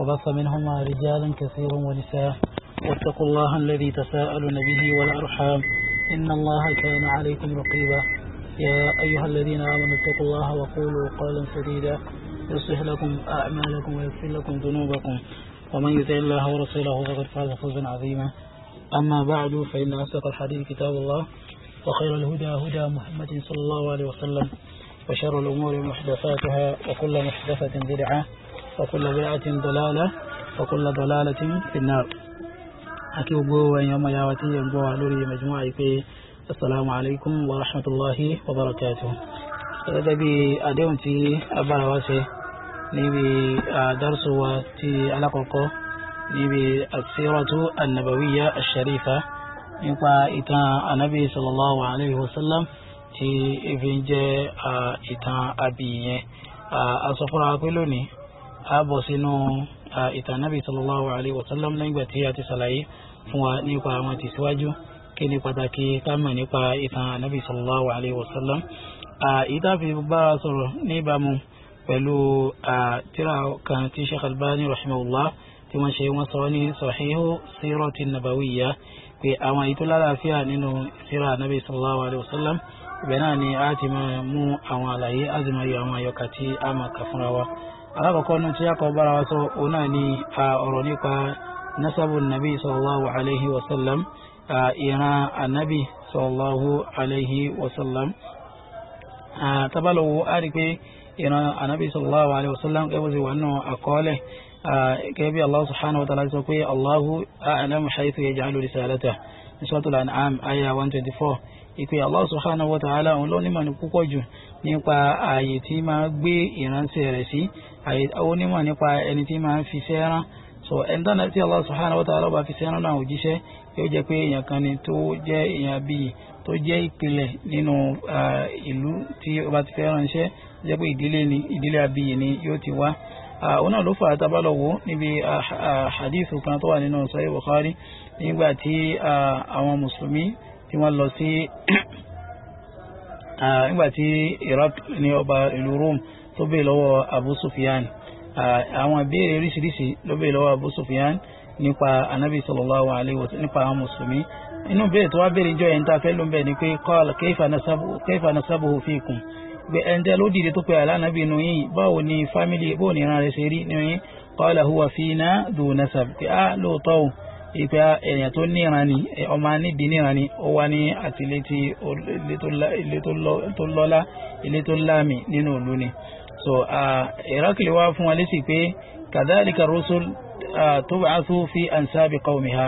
وبث منهما رجالا كثيرا ونساء واتقوا الله الذي تساءلون به والأرحام إن الله كان عليكم رقيبا يا أيها الذين آمنوا اتقوا الله وقولوا قولا سديدا يصلح لكم أعمالكم ويغفر لكم ذنوبكم ومن يطع الله ورسوله فقد فاز فوزا عظيما أما بعد فإن أصدق الحديث كتاب الله وخير الهدى هدى محمد صلى الله عليه وسلم وشر الأمور محدثاتها وكل محدثة بدعة وكل بيعة ضلالة وكل ضلالة في النار أكي وقوة يوم ياوتي ينبوع لوري مجموعة في السلام عليكم ورحمة الله وبركاته gẹ́gẹ́ bí àdéhùn tí agbára wa ṣe níbi àdárùsù wa ti alákọ̀ọ́kọ́ níbi àṣírọ́tú ànàbàwíyá àṣàrífà nípa ìtàn ànábì sallallahu alayhi wa sallam tí ìfi jẹ́ ìtàn àbìyẹn a sọ fúnra pé lónìí ààbọ̀ sínú ìtànàbì sallallahu alayhi wa sallam lẹ́yìn tí a ti ṣàlàyé fún wa nípa àwọn tìsíwájú kí ni pàtàkì kámẹ̀ nípa ìtàn ànábì sallallahu alayhi wa sallam ìtàfi bá a sọ̀rọ̀ níbàámu pẹ̀lú tírà kan tí Sheikh Albani rahimahullah tí wọ́n ṣe wọ́n sọ ní sahihu sirati nabawiyya pé àwọn èyí tó lálàáfíà nínú sírà ànábì sallallahu alayhi wa sallam ibẹ̀ náà ni a ti mú àwọn àlàyé azùmọ̀yọ̀ àwọn àyọkà tí a máa kà fúnra wa alákọ̀ọ́kọ́ náà tí a kọ bára wa sọ òun náà ni ọ̀rọ̀ nípa nasabu nabi sallallahu alayhi wa sallam ìran anabi sallallahu alayhi wa sallam tabalawo a rí pé ìran anabi sallallahu alayhi wa sallam kẹ́bù sí wà nínú àkọọ́lẹ̀ kẹ́bí allah subhanahu wa ta'ala sọ pé allahu a'lamu haythu yaj'alu risalata in an'am aya 124 ìpè Allah subhanahu wa ta'ala òun ló nímọ̀ ní púpọ̀ jù nípa ààyè tí máa gbé ìránṣẹ́ rẹ̀ sí ààyè ó nípa ẹni tí máa fi sẹ́ràn so ẹni tán tí Allah subhanahu wa ta'ala bá fi sẹ́ràn náà òjíṣẹ́ yóò jẹ́ pé èèyàn kan ni tó jẹ́ èèyàn bíi tó jẹ́ ìpìlẹ̀ nínú ìlú tí ó bá ti fẹ́ ránṣẹ́ jẹ́ pé ìdílé ni ìdílé abiyì ni yóò ti wá òun náà ló fà á tá a bá lọ wò níbi hadith kan tó wà nínú Sahih Bukhari nígbà tí àwọn mùsùlùmí tí wọ́n lọ sí ah, nígbà tí Iraq ní ọba ìlú Rome tó bèè lọ́wọ́ Abu Sufyan ah, àwọn ìbéèrè oríṣiríṣi ló bèè lọ́wọ́ Abu Sufyan nípa anabi sallallahu alayhi wa sallam nípa àwọn mùsùlùmí inú bèèrè tó wá bèèrè jọ yẹn tá a fẹ́ ló ń bẹ̀ ni pé qala kayfa nasabuhu fikum gbé ẹnjẹ ló dìde tó pe àlànàbì nù yín báwo ni fámìlì bóò ìran rẹ̀ ṣe rí nù yín qala huwa fina dhu nasab pé á ah, lóòótọ́ òun ìgbà èèyàn tó níran ni ọmọ níbi níran ni ó wá ní àti ilé tó lọ́lá ilé tó láàmì nínú ìlú ni so ìrákìlì wá fún wa lésì pé kàdálíkà rusul tub'athu fi ansabi qawmiha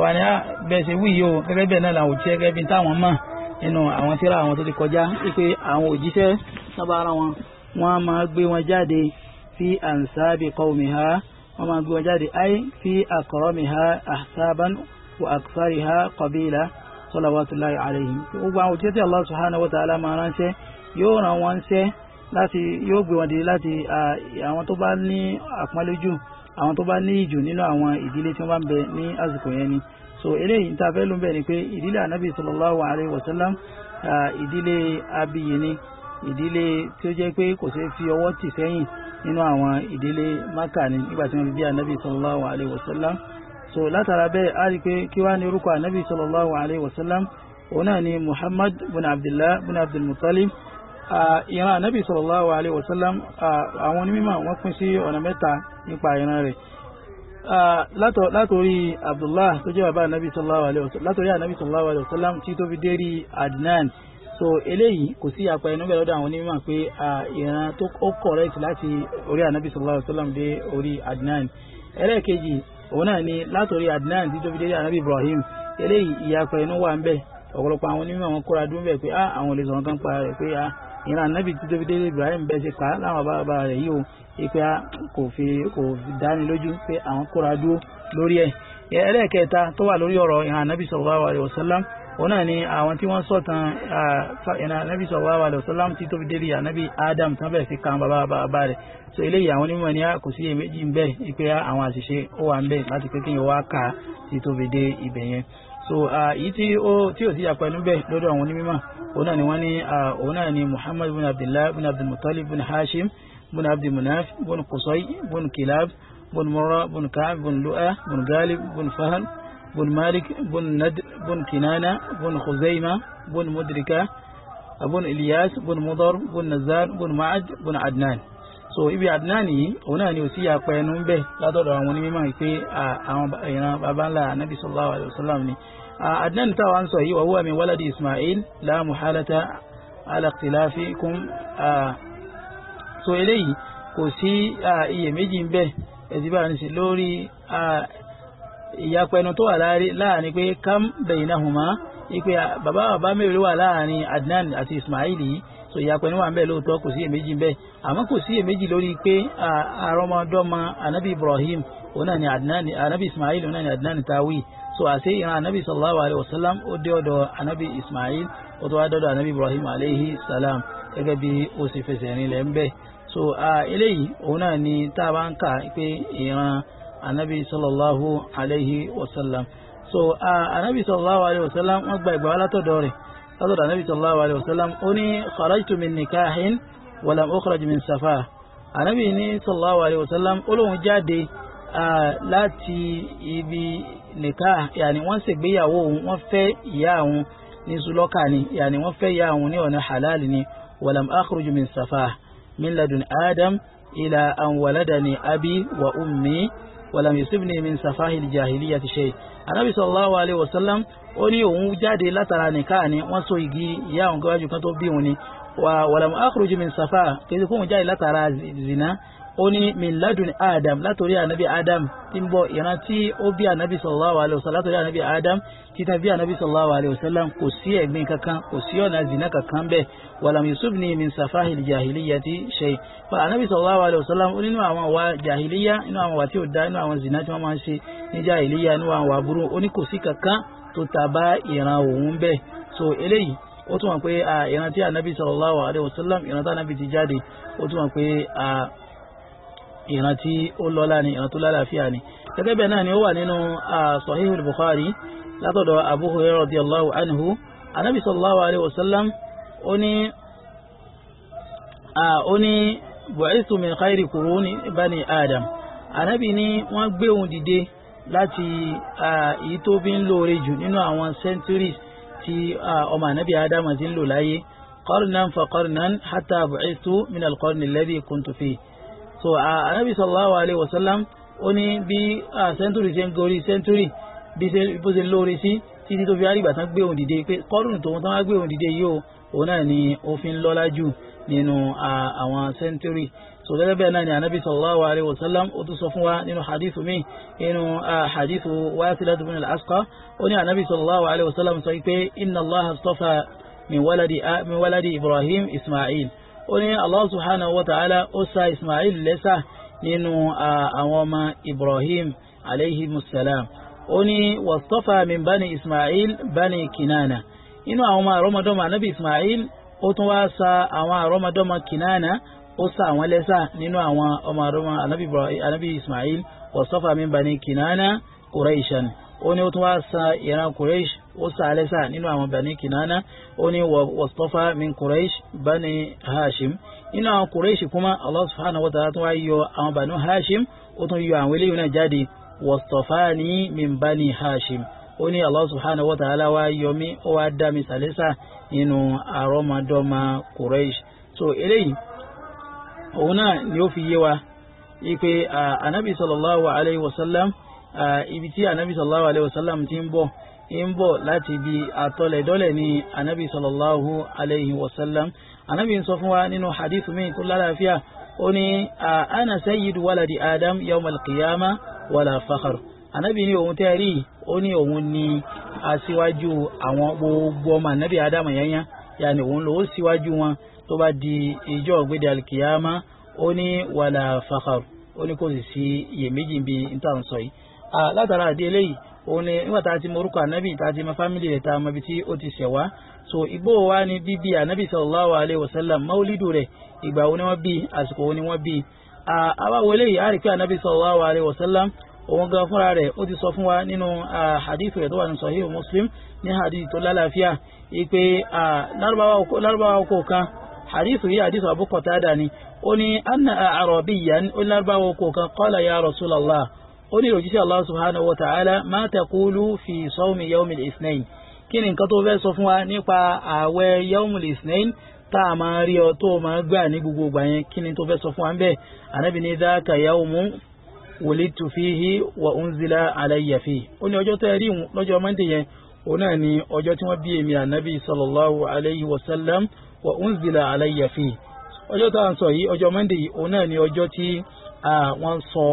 wà ní bẹ́ẹ̀ ṣe wíyí o gẹ́gẹ́ bẹ́ẹ̀ náà làwọn òjíṣẹ́ gẹ́gẹ́ bí táwọn mọ̀ nínú àwọn tírà àwọn tó ti kọjá pé àwọn òjíṣẹ́ sábà ara wọn wọ́n máa gbé wọn jáde fi ansabi qawmiha wọ́n máa gbé wọn jáde ayé fi aqramiha ahsaban wa akthariha qabila salawatullahi alayhim gbogbo àwọn òtítẹ́ tí Allah subhanahu wa ta'ala máa ránṣẹ́ yóò ràn wọ́n ṣẹ́ láti yóò gbé wọn dé láti àwọn tó bá ní àpọ́nlẹ́jù àwọn tó bá ní ìjù nínú àwọn ìdílé tí wọ́n bá ń bẹ ní àsìkò yẹn ni so eléyìí tá a fẹ́ ló ń bẹ̀ ni pé ìdílé anabi sallallahu alayhi wa sallam ìdílé abiyini ìdílé tí ó jẹ́ pé kò ṣeé fi ọwọ́ tì sẹ́yìn nínú àwọn ìdílé maka ni nígbà tí wọ́n fi bí anabi sallallahu alayhi wa sallam so látara bẹ́ẹ̀ a rí pé kí wá ní orúkọ anabi sallallahu alayhi wa sallam òun náà ni muhammad bin abdullah bin abdulmutalib ìran anabi sallallahu alayhi wa sallam àwọn onímọ̀ wọ́n pín sí ọ̀nà mẹ́ta nípa ìran rẹ̀ látòrí abdullah tó jẹ́ bàbá anabi sallallahu alayhi wa sallam látòrí anabi sallallahu alayhi wa sallam tí tó fi dérí adnan so eléyìí kò sí apá ẹnu bẹ́ẹ̀ lọ́dọ̀ àwọn onímọ̀ pé ìran tó ó correct láti orí anabi sallallahu alayhi wa sallam dé orí adnan ẹlẹ́ẹ̀kejì òun náà ni látòrí adnan tí tó fi dé anabi ibrahim eléyìí ìyapa ẹnu wà ń bẹ ọ̀pọ̀lọpọ̀ àwọn onímọ̀ ah, àwọn kóra dún bẹ́ẹ̀ pé àwọn olè sọ̀rọ̀ kan pa rẹ̀ pé ah, ìran anabi tí tó fi dé ibrahim bẹ́ẹ̀ ṣe pa láwọn bá bá rẹ̀ yìí o ìpè ah, kò fi kò dáni lójú pé àwọn kóra dúró lórí ẹ̀ ẹlẹ́ẹ̀kẹta tó wà lórí ọ̀rọ̀ ìran anabi sallallahu alayhi wa sallam òun náà ni àwọn tí wọ́n sọ̀tàn ẹ̀nà anábì sallallahu alaihi wasallam tí tó fi délé anábì adam tán bẹ̀rẹ̀ sí kan bàbá bàbá rẹ̀ so eléyìí àwọn onímọ̀ ni kò sí èméjì ń bẹ̀ pé àwọn àṣìṣe ó wà ń bẹ̀ láti pé kí n wá kà tí tó fi dé ibẹ̀ yẹn so èyí tí ó tí ò sí yàpọ̀ ẹnu bẹ̀ lọ́dọ̀ àwọn onímọ̀ òun ni wọ́n ní òun ni muhammad bin abdullah bin abdulmutalib bin hashim bin abdulmunaf bin Kusai bin kilab bin murra bin ka'ab bin lu'a bin galib bin Fahan بن مالك بن ند بن كنانة بن خزيمة بن مدركة بن إلياس بن مضر بن نزار بن معد بن عدنان so ibi adinani yìí òun náà ni ò sí apẹ ẹnu ń bẹ látọ̀dọ̀ àwọn onímọ̀ pé àwọn ìran baba ńlá anabi sallallahu alayhi wa sallam ni adinani táwa ń sọ yìí wà wúwa min waladi ismail la muhalata ala ikhtilafikum so eléyìí kò sí iyèméjì ń bẹ ẹ̀sìn bá a ní sí lórí ìyapẹnu tó wà láàrin pé kam bainahuma ipe bàbá bàbá mélòó wà láàrin Adnan àti Ismail yìí so ìyapẹnu wà ń bẹ lóòótọ́ kò sí èméjì ń bẹ àmọ́ kò sí èméjì lórí pé àrọmọdọ́mọ anabi Ibrahim òun ni Adnan anabi Ismail òun ni Adnan tawi so àti ìran anabi sallallahu alayhi wa sallam ó dé ọ̀dọ̀ anabi Ismail ó tó wá dọ́dọ̀ anabi Ibrahim alayhi salam gẹ́gẹ́ bí ó sì fẹsẹ̀ rìn lẹ́ ń bẹ so eléyìí òun náà ni tá a bá ń kà pé ìran anabi sallallahu alayhi wa sallam so anabi sallallahu alayhi wa sallam wọ́n gba ìgbà látọ̀dọ̀ rẹ̀ látọ̀dọ̀ anabi sallallahu alayhi wa sallam ó ní kharajtu min nikahin walam ukhraj min safa anabi ní sallallahu alayhi wa sallam ó lóun jáde láti ibi nikah yàní wọ́n sì gbéyàwó òun wọ́n fẹ́ ìyá òun ní zulọ́kà ni yàní wọ́n fẹ́ ìyá òun ní ọ̀nà halal ni walam akhruj min safa min ladun adam ila an waladani abi wa ummi wàlàm yusufni min safahil jahiliya ti ṣe anabi sallallahu alayhi wa sallam ó ní òun jáde látara nìkan ni wọ́n so igi ìyá àwọn gbájú kan tó bí òun ni wàlàm akhruj safa kí ó jáde látara zina ó ní miladun adam látòrí ànábì adam tí ń bọ̀ ìran tí ó bí ànábì sallallahu alaihi wasallam látòrí ànábì adam títà bí ànábì sallallahu alaihi wasallam kò sí ẹ̀gbin kankan kò sí ọ̀nà zina kankan bẹ́ẹ̀ wàlàm yusuf ní min safahi jahiliyati shay fa ànábì sallallahu alaihi wasallam ó nínú àwọn wa jahiliya nínú àwọn wa tí ó dá nínú àwọn zina tí wọ́n máa ń ṣe ní jahiliya nínú àwọn wa burú ó ní kò sí kankan tó ta bá ìran òun bẹ́ẹ̀ so eléyìí ó túmọ̀ pé ìran tí ànábì sallallahu alaihi wasallam ìran tí ànábì ti jáde ó túmọ̀ pé ìran tí ó lọ́lá ni ìran tó lálàáfíà ni gẹ́gẹ́ bẹ́ẹ̀ náà ni ó wà nínú Sahih al-Bukhari látọ̀dọ̀ Abu Hurairah radiyallahu anhu anabi sallallahu alayhi wa sallam ó ní ó ní bu'ithu min khayri quruni bani adam anabi ni wọ́n gbé òun dìde láti èyí tó fi ń lóore jù nínú àwọn centuries tí ọmọ anabi adam ti ń lò láyé qarnan fa qarnan hatta bu'ithu min al-qarni alladhi so uh, anábì sallallahu alayhi wa sallam ó ní bí sẹ́ńtúrì uh, ṣe ń gorí sẹ́ńtúrì bí bó ṣe lóore sí títí tó fi àrígbà tán gbé òun dìde pé kọ́dùn tòun tán wá gbé òun dìde yìí òun náà ni ó fi ń lọ́lá jù nínú uh, àwọn sẹ́ńtúrì so gẹ́gẹ́ bẹ́ẹ̀ náà ni anabi sallallahu alayhi wa sallam ó tún sọ fún wa nínú hadithu mi nínú hadithu wasilatu bin al-asqa ó ní anabi sallallahu alayhi wa sallam sọ pé inna allah astafa min waladi ibrahim ismail ó ní Allah subhanahu wa ta'ala ó sa Ismail lẹ́sà nínú àwọn ọmọ Ibrahim alayhi musalam ó ní wastafa min bani Ismail bani Kinana inú àwọn ọmọ àrọ́mọdọ́mọ anábì Ismail ó tún wá sa àwọn àrọ́mọdọ́mọ Kinana ó sa àwọn lẹ́sà nínú àwọn ọmọ àrọ́mọ anábì Ismail wastafa min Kinana Quraishan ó ní ó tún wá sa ìran Quraish ó sàálẹ̀ sáà nínú àwọn bani kinana ó ní wastafa min quraish bani hashim nínú àwọn quraish kuma allah subhanahu wa ta'ala tó wá yọ àwọn bani hashim ó tún yọ àwọn eléyìí náà jáde wastafa ni min bani hashim ó ní allah subhanahu wa ta'ala wá yọ mí ó wá dá mi sàálẹ̀ nínú àrọ́mọdọ́mọ quraish so eléyìí òun náà ni ó fi yé wa ipe anabi sallallahu alayhi wa sallam ibi tí anabi sallallahu alayhi wa sallam ti ń bọ̀ ń bọ̀ láti ibi àtọlẹ̀dọ́lẹ̀ ní anabi sallallahu alayhi wa sallam anabi ń sọ fún wa nínú hadith mi tó lálàáfíà ó ní ana sayyidu waladi adam yawmal qiyama wala fakhar anabi ní òun tẹ́ ó ní òun ní aṣíwájú àwọn gbogbo ọmọ anabi adam yẹnyẹn yàní òun lòó síwájú wọn tó bá di ìjọ ògbédè alkiyama ó ní wàlà fàkàrù ó ní kò sì sí iyèméjì bíi níta ń sọ yìí látara àdé eléyìí òun ni nígbà tá a ti mọ orúkọ ànábì tá a ti mọ fámìlì rẹ̀ tá a mọ ibi tí ó ti ṣẹ̀ wá so ìgbó wa ni bíbí ànábì sallallahu alayhi wa sallam maulidu rẹ̀ ìgbà wo ni wọ́n bí àsìkò wo ni wọ́n bí àbáwo eléyìí a rí pé ànábì sallallahu alayhi wa sallam òun gan fúnra rẹ̀ ó ti sọ fún wa nínú hadith rẹ̀ tó wà ní sahih muslim ní hadith tó lálàáfíà ìpè lárúbáwá oko kan hadith yìí hadith Abu Qatada ni ó ní anna a'rabiyyan ó lárúbáwá oko kan qala ya rasulallah ó ní ìròjíṣẹ́ Allah subhanahu wa ta'ala ma taqulu fi sawmi yawmil ithnain kí ni nǹkan tó fẹ́ sọ fún wa nípa ààwẹ̀ yawmil ithnain tá a máa rí ọ tó o máa gbà ní gbogbo ìgbà yẹn kí ni tó fẹ́ sọ fún wa ń bẹ̀ ànábì ní dhaka yawmu wulidtu fihi wa unzila alayya fihi ó ní ọjọ́ tẹ́ rí lọ́jọ́ mọ́ndé yẹn òun náà ni ọjọ́ tí wọ́n bí èmi ànábì sallallahu alayhi wa sallam wa unzila alayya ọjọ́ tá à ń sọ yìí ọjọ́ mọ́ndé yìí òun náà ni ọjọ́ tí wọ́n sọ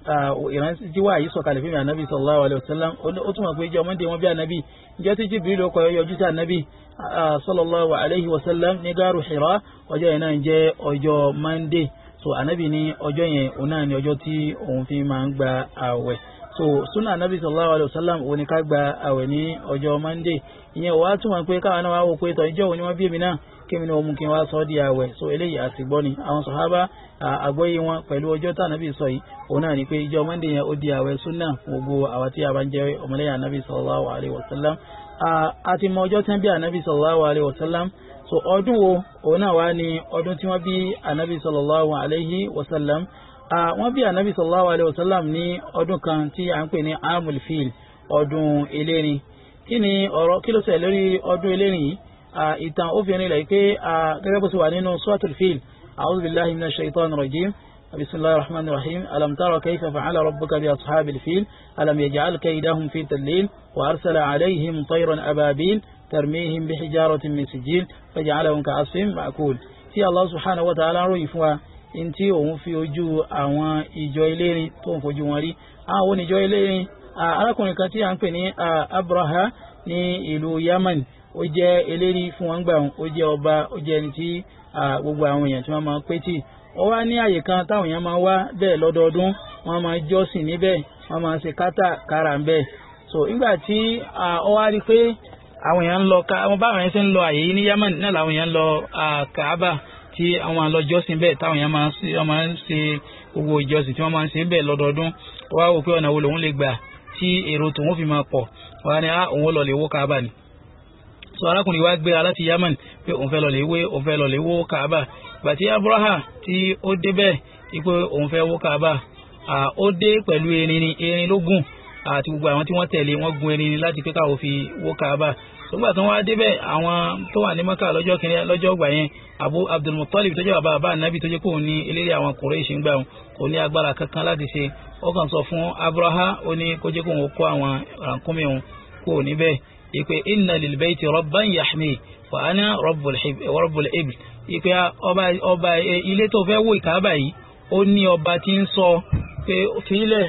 Uh, ìrántí tí wàá yìí sọ̀kalẹ̀ fún mi ànábì sallallahu alayhi wa sallam ó túmọ̀ pé jẹ́ ọmọdé wọn bí ànábì ìjọ tí jibril ọkọ̀ yọjú sí ànábì uh, sallallahu alayhi wa sallam ní gáàrú hira ọjọ́ yẹn náà jẹ́ ọjọ́ monday so ànábì ní ọjọ́ yẹn òun náà ní ọjọ́ tí òun fi máa ń gba àwẹ̀ so sunna anabi sallallahu alayhi wa sallam òun ni ká gba àwẹ̀ ní ọjọ́ monday ìyẹn wàá túmọ̀ pé káwọn náà wa wò pé tọ́ ìjọ́ òun ni wọ́n bí èmi náà kémi ni omu kí n wá sọ di àwẹ̀ so eléyìí àsìgbọ́ ni àwọn sọ̀hábà àgbọ́yé wọn pẹ̀lú ọjọ́ tá ànábì sọ yìí òun náà ni pé ìjọ mọ́ndé yẹn ó di àwẹ̀ súnà gbogbo àwa tí a bá ń jẹ́ ọmọlẹ́yìn ànábì sallallahu alaihi wasallam a ti mọ ọjọ́ tán bí sallallahu alaihi wasallam so ọdún wo òun náà wá ní ọdún tí wọ́n bí sallallahu alaihi wasallam wọ́n bí anabi sallallahu alayhi wa sallam ní ọdún kan tí à ń pè ní amul fil ọdún elérin kí ni ọ̀rọ̀ kí ló ṣe lórí ọdún elérin yìí ìtàn ó fi rinlẹ̀ pé gẹ́gẹ́ bó ti wà nínú suratul fil a'udhu billahi minash shaitanir rajim بسم الله الرحمن الرحيم ألم ترى كيف فعل ربك بأصحاب الفيل ألم يجعل كيدهم في تدليل وأرسل عليهم طيرا أبابيل ترميهم بحجارة من سجيل فجعلهم كعصف مأكول في الله سبحانه وتعالى رؤي ntí òun fi ojú àwọn ìjọ elérin tó ń fojú wọn rí àwọn wo ni ìjọ elérin arákùnrin kan tí à ń pè ní Abraha ní ìlú Yaman ó jẹ́ eléri fún wọn gbà ó jẹ́ ọba ó jẹ́ ẹni tí gbogbo àwọn èèyàn tí wọ́n máa ń pé tì ó wá ní àyè kan táwọn èèyàn máa ń wá bẹ́ẹ̀ lọ́dọọdún wọ́n máa jọ́sìn níbẹ̀ wọ́n máa ṣe kátàkárà ń bẹ̀ so nígbà tí ó wá rí pé àwọn èèyàn ń lọ ká àwọn báwọn èèyàn ṣe ń lọ àyè yìí ní Yaman náà làwọn èèyàn ń lọ Kaaba tí àwọn àlọ́jọ́sìn bẹ́ẹ̀ táwọn èèyàn máa ń ṣe gbogbo ìjọsìn tí wọ́n máa ń ṣe bẹ́ẹ̀ lọ́dọọdún wá wò pé ọ̀nà wo lòun lè gbà tí èrò tòun fi máa pọ̀ wá ní á ah, òun lọ lè wó kaaba ni. sọ arákùnrin wa gbéra láti Yaman pé òun fẹ́ lọ lè wé òun fẹ́ lọ lè wó kaaba ìgbà tí Abraha tí ó dé bẹ́ẹ̀ wípé òun fẹ́ wó kaaba ó dé pẹ̀lú erin erin ló àti gbogbo àwọn tí wọ́n tẹ̀lé wọ́n gun erin láti pé káwọn fi wó kaaba sọgbà tó wá débẹ̀ àwọn tó wà ní maka lọ́jọ́ kìnìyà lọ́jọ́ gbà yẹn abu abdulmutalib tó jẹ́ bàbá bàbá anabi tó jẹ́ kó ní eléré àwọn kòrèṣì ń gbà wọn kò ní agbára kankan láti ṣe ó kàn sọ fún abraha ó ní kó jẹ́ kó wọn kó àwọn rànkúnmí wọn kó níbẹ̀ ìpè inna lilbayti rabban yahmi wa ana rabbul ibil ìpè ọba e, ilé tó fẹ́ wó ìkàbà yìí ó ní ọba tí ń sọ pé fílẹ̀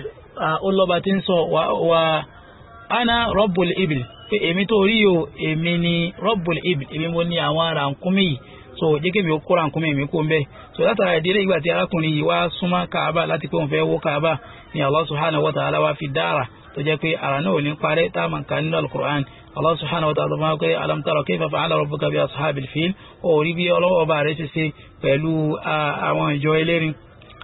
ó lọ́ba tí ń sọ wa ana rabbul ibil pé èmi tó rí o èmi ni rọ́bùl ibn èmi mo ní àwọn rànkúmí yìí so jẹ́ kí mi ó kó rànkúmí mi kó mbẹ́ so látara ìdílé ìgbà tí arákùnrin yìí wá súnmọ́ káàbà láti pé òun fẹ́ wó káàbà ni Allah subhanahu wa ta'ala wá fi dára tó jẹ́ pé ara náà ò ní parẹ́ tá a máa ka nínú alukur'an Allah subhanahu wa ta'ala máa ń pè alam tara kayfa fa'ala rabbuka bi ashabil fil òórí bí ọlọ́wọ́ ọba rẹ̀ ṣe ṣe pẹ̀lú àwọn ìjọ ẹlẹ́rin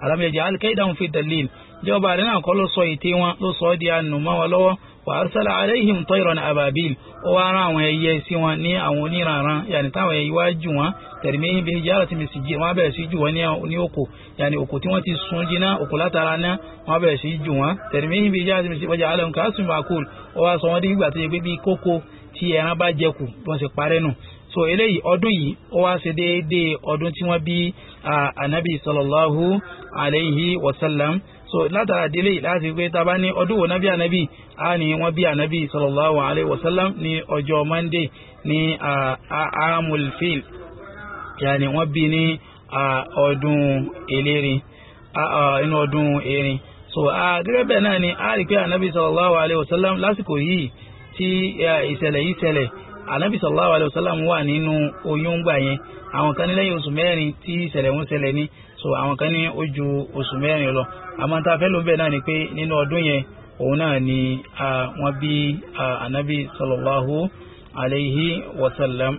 alam yaj'al kaydahum fi dalil ìjọba rẹ̀ náà kọ́ ló sọ ète wọn ló sọ ọ́ di ànùmọ́ wọn lọ́wọ́ وأرسل عليهم طيرا أبابيل وراهم يسوى ني أو نيرارا يعني تاو يواجوا ترميهم بحجارة من سجين وابا سجوا ني أكو يعني أكو تيوانتي سونجنا أكو لا ترانا وابا سجوا ترميهم بحجارة من سجين وجعلهم كأسم معقول وصوان دي باتي بي كوكو تي أنا باجيكو بس يقارنوا so eléyìí ọdún yìí ó wá ṣe déédéé ọdún tí wọ́n bí anabi sallallahu alayhi wa sallam so látara délé láti pé tá a bá ní ọdún wo nábí ànábì á ní wọ́n bí ànábì sallallahu alayhi wa sallam ní ọjọ́ monday ní amulfil yàní wọ́n bí ní ọdún elérin inú ọdún erin so gẹ́gẹ́ bẹ́ẹ̀ náà ni a rí pé ànábì sallallahu alayhi wa sallam lásìkò yìí tí ìṣẹ̀lẹ̀ yìí ṣẹlẹ̀ anabi sallallahu alayhi wa wà nínú oyún gbà yẹn àwọn kan ní lẹ́yìn oṣù mẹ́rin tí ìṣẹ̀lẹ̀ wọn ṣẹlẹ̀ ní so àwọn kan ní ó ju oṣù mẹ́rin lọ àmọ́ fẹ́ ló bẹ́ẹ̀ náà ni pé nínú ọdún yẹn òun náà ni wọ́n bí anabi sallallahu alayhi wa sallam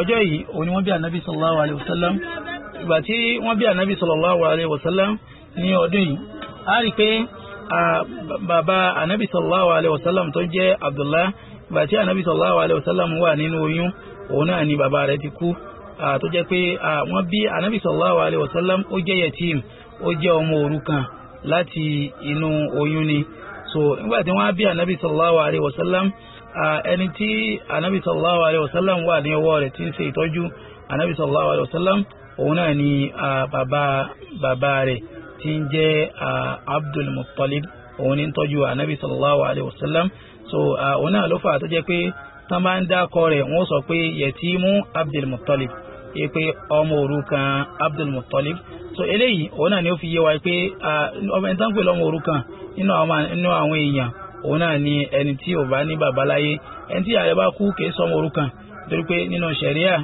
ọjọ́ yìí òun ni wọ́n bí anabi sallallahu alayhi wa sallam ìgbà tí wọ́n bí anabi sallallahu alayhi wa sallam ní ọdún yìí a rí pé bàbá anabi sallallahu alayhi wa sallam tó jẹ́ abdullah ìgbà tí anabi sallallahu alayhi wa sallam wà nínú oyún òun náà ni bàbá rẹ̀ ti kú tó jẹ́ pé wọ́n bí anabi sallallahu alayhi wa sallam ó jẹ́ yatim ó jẹ́ ọmọ òrukàn láti inú oyún ni so nígbà tí wọ́n bí anabi sallallahu alayhi wa sallam ẹni tí anabi sallallahu alayhi wa sallam wà ní ọwọ́ rẹ̀ tí ń ṣe ìtọ́jú anabi sallallahu alayhi wa sallam òun náà ni bàbá bàbá rẹ̀ tí ń jẹ́ Abdul Muttalib òun ní tọ́jú anabi sallallahu alayhi wa sallam so òun náà ló fà tó jẹ́ pé tán bá ń dákọ rẹ̀ wọ́n sọ pé yẹtímù Abdul Muttalib pé ọmọ òrukàn Abdul Muttalib so eléyìí òun náà ni ó fi yé wa pé ọmọ ẹni tán pè lọ́mọ òrukàn nínú àwọn èèyàn òun náà ni ẹni tí ò bá ní bàbá láyé ẹni tí ààrẹ bá kú kìí sọmọ òrukàn torí pé nínú sẹ̀ríà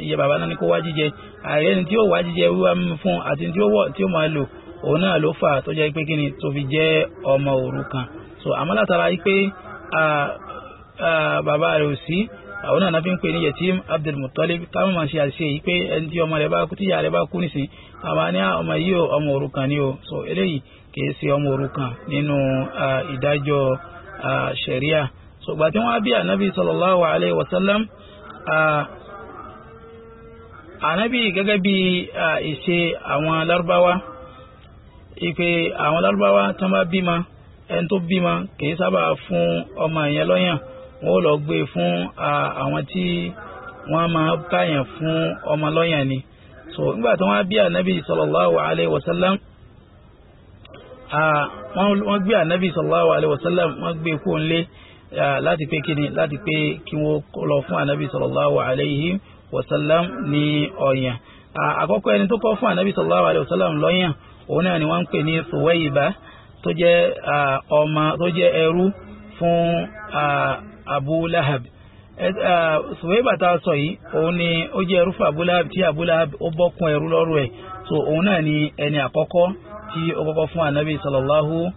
iye bàbá náà ni kó wá jíjẹ ààrẹ ni tí ó wá jíjẹ wíwá mímu fún àti tí ó wọ̀ tí ó máa lò òun náà ló fà tó jẹ́ pé kí ni tó fi jẹ́ ọmọ òrukàn so àmọ́ látara yìí pé bàbá rẹ̀ ò sí àwọn náà fi ń pè ní yetim abdulmutalib káwọn máa ṣe àṣe yìí pé ẹni tí ọmọ rẹ bá kú tíyà rẹ bá kú nìsín àmọ́ ní ah, ọmọ yìí o ọmọ òrukàn ni o so eléyìí kìí ṣe ọmọ òrukàn nínú ìdájọ́ sharia so gbà tí wọ́n bí anabi sallallahu alayhi wa sallam anabi gẹ́gẹ́ bí ìṣe àwọn larubawa ipe àwọn larubawa tó bá bímọ ẹni tó bímọ kìí sábà fún ọmọ ìyẹn lọ́yàn. wọ́n lọ gbé e fún àwọn tí wọ́n máa káyàn fún ọmọ lọ́yàn ni so nígbà tí wọ́n bí ànábì sallallahu alayhi wa sallam nwa gbé ànábì sallallahu alaihi wa sallam gbé kó ń lé láti pé kíni láti pé kí wọ́n lọ fún ànábì sallallahu wa sallam ní ọ̀yàn àkọ́kọ́ ẹni tó kọ́ fún ànábì sallallahu alaihi wa sallam lọ́yàn òun náà ni wọ́n ń pè ní Suwayba tó jẹ́ ọmọ tó jẹ́ ẹrú fún Abu Lahab tá a sọ yìí òun ni ó jẹ́ ẹrú fún Abu Lahab tí Abu Lahab ó bọ́kun ẹrú lọ́rùn ẹ̀ so òun náà ni ẹni àkọ́kọ́ tí ó kọ́kọ́ fún anabi sallallahu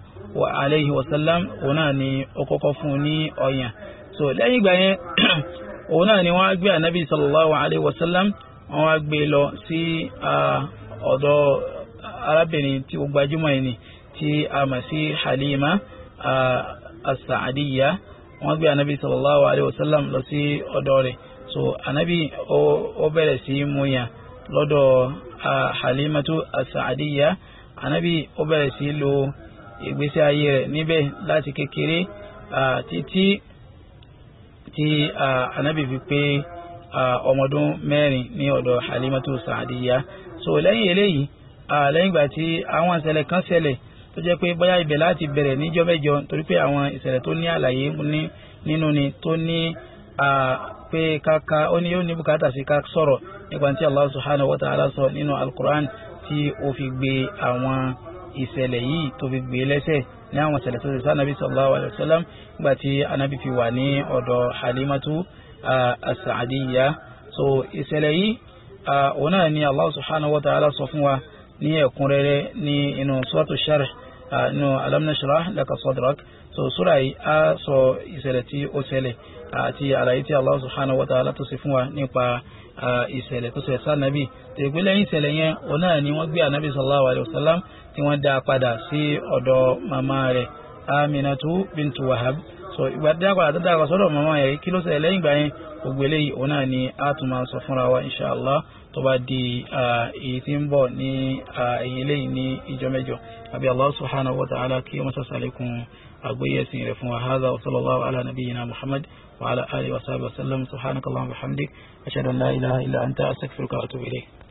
alayhi wa sallam òun náà ni ó kọ́kọ́ fún ní ọ̀yàn so lẹ́yìn ìgbà yẹn òun náà ni wọ́n á gbé anabi sallallahu alayhi wa sallam wọ́n á gbé e lọ sí ọ̀dọ̀ arábìnrin tí ó gbajúmọ̀ yìí ni tí a mọ̀ sí Halima as-Sa'adiyya wọ́n gbé anabi sallallahu alayhi wa sallam lọ sí ọ̀dọ̀ rẹ̀ so anabi ó bẹ̀rẹ̀ sí múyàn lọ́dọ̀ Halimatu as-Sa'adiyya anabi ó bẹ̀rẹ̀ sí lo ìgbésí ayé rẹ̀ níbẹ̀ láti kékeré títí tí anabi fi pé ọmọdún mẹ́rin ní ọ̀dọ̀ Halimatu as-Sa'adiyya so lẹ́yìn eléyìí lẹ́yìn ìgbà tí àwọn ìṣẹ̀lẹ̀ kan ṣẹlẹ̀ tó jẹ́ pé bóyá ibẹ̀ láti bẹ̀rẹ̀ níjọ́ mẹ́jọ torí pé àwọn ìṣẹ̀lẹ̀ tó ní àlàyé nínú ni tó ní pé kaka ó ní yóò ní bùkátà sí ká sọ̀rọ̀ nípa tí Allah subhanahu wa ta'ala sọ nínú al-Qur'an tí ó fi gbé àwọn ìṣẹ̀lẹ̀ yìí tó fi gbé lẹ́sẹ̀ ní àwọn ìṣẹ̀lẹ̀ tó ṣe sá nàbí sallallahu alayhi wa sallam nígbà tí anábì fi wà ní ọ̀dọ̀ Halimatu as so ìṣẹ̀lẹ̀ yìí òun náà ni Allah subhanahu wa ta'ala sọ fún wa ní ẹ̀kúnrẹ́rẹ́ ní inú suratu Sharh Uh, nínú alam nashrah laka sadrak so sura yìí á sọ ìṣẹ̀lẹ̀ tí ó ṣẹlẹ̀ uh, àti àlàyé tí allah subhanahu wa ta'ala tó ṣe fún wa nípa uh, ìṣẹ̀lẹ̀ tó ṣẹlẹ̀ sí ànábì tó ìgbé lẹ́yìn ìṣẹ̀lẹ̀ yẹn òun náà ni wọ́n gbé ànábì sallallahu alayhi wa sallam tí wọ́n dá padà sí ọ̀dọ̀ màmá rẹ̀ aminatu bintu wahab so ìgbà tí dákọ̀ àtàdàkọ̀ sọ́dọ̀ màmá yẹn kí ló ṣẹlẹ̀ lẹ́yìn ìgbà yẹn ògbélé yìí òun náà ni a tún máa sọ fúnra wa insha tó bá di èyí tí ń bọ̀ ní ẹ̀yìn lẹ́yìn ní ìjọ mẹ́jọ àbí Allah subhanahu wa ta'ala kí wọ́n sọ sàlékún àgbéyẹ̀sìn rẹ̀ fún wa hadha wa sallallahu ala nabiyyina Muhammad wa ala alihi wa sahbihi sallam subhanakallahumma wa bihamdik ashhadu an la ilaha illa anta astaghfiruka wa atubu ilayk